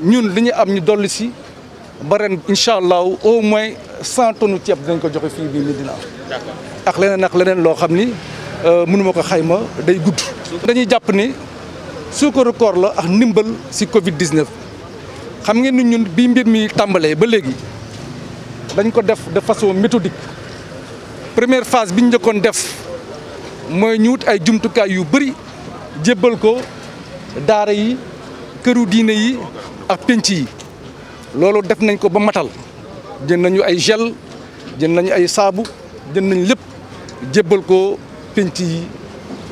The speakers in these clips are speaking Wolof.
ñun li ñu am ñu dolli si ba ren incha allah au moins cent tonnes ceeb ko joxe fii bii Médina ak leneen ak leneen loo xam ni euh, mënuma ko xayma day gudd. dañuy jàpp ni suukaru koor la ak ndimbal si Covid 19 xam ngeen ni ñun bi mbir mi tàmbalee ba léegi dañ ko def de façon méthodique première phase bi ñu njëkkoon def mooy ñu wut ay jumtukaay yu bëri jébbal ko daara yi. këru diine yi ak pénc yi loolu def nañ ko ba matal jën nañu ay gel jën nañu ay saabu jën nañ lépp jébbal ko penc yi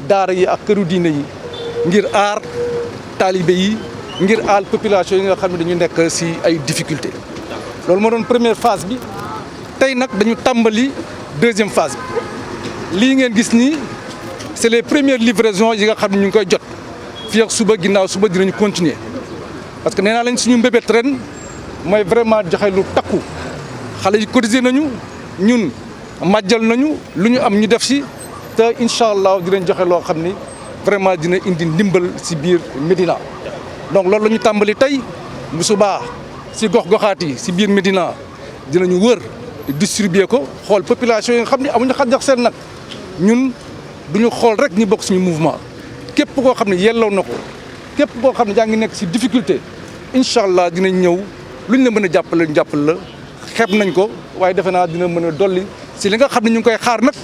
daara yi ak këru diine yi ngir aar taalibe yi ngir aal population yi nga xam ne dañu nekk si ay difficulté loolu moo doon première phase bi tey nag dañu tàmbali deuxième phase bi lii ngeen gis nii c'est les premières livraisons yi nga xam ne ñu ngi koy jot fii suba ginnaaw suba dinañu continuer parce que nee naa suñu mbébét ren mooy vraiment joxe lu takku xale yi cotiser nañu ñun màjjal nañu lu ñu am ñu def si te incha allah dinañ joxe loo xam ni vraiment dina indi ndimbal si biir Médina donc loolu la ñu tàmbali tey bu si gox-goxaat yi si biir Médina dinañu wër distribuer ko xool population yi xam ni amuñu xàjjax seen nag ñun duñu xool rek ñu bokk suñu mouvement. képp koo xam ne yelloo na ko képp koo xam ne yaa ngi nekk si difficulté incha allah dinañ ñëw luñ la mën a jàppale ñu la xeeb nañ ko waaye defe naa dina mën a dolli si li nga xam ne ñu ngi koy xaar nag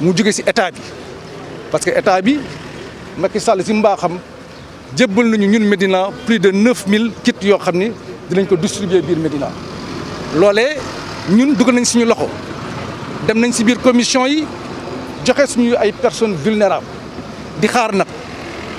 mu jóge si état bi parce que état bi Macky Sall si mbaaxam jébbal nañu ñun Médina plus de 9000 kits yoo xam ni dinañ ko distribuer biir Médina loole ñun dugg nañ suñu loxo dem nañ si biir commission yi joxe suñu ay personnes vulnérables di xaar nag.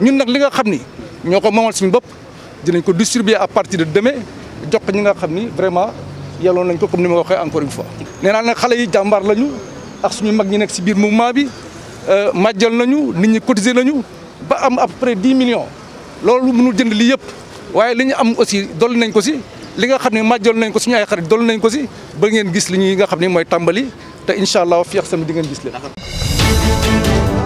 ñun nag li nga xam ni ñoo ko moomal suñu bopp dinañ ko distribuer à partir de demain jox ko ñi nga xam ni vraiment yelloon nañ ko comme ni ma waxee encore une fois. nee naa nag xale yi jàmbaar lañu ak suñu mag ñi nekk si biir mouvement bi euh, màjjal nañu nit ñi cotiser nañu ba am à peu près dix millions loolu mënul jënd lii yëpp waaye li ñu am aussi dolli nañ ko si. li nga xam ne màjjal nañ ko suñu ay xarit dolli nañ ko si ba ngeen gis li ñuy nga xam ne mooy tàmbali te incha allah di ngeen gis leen.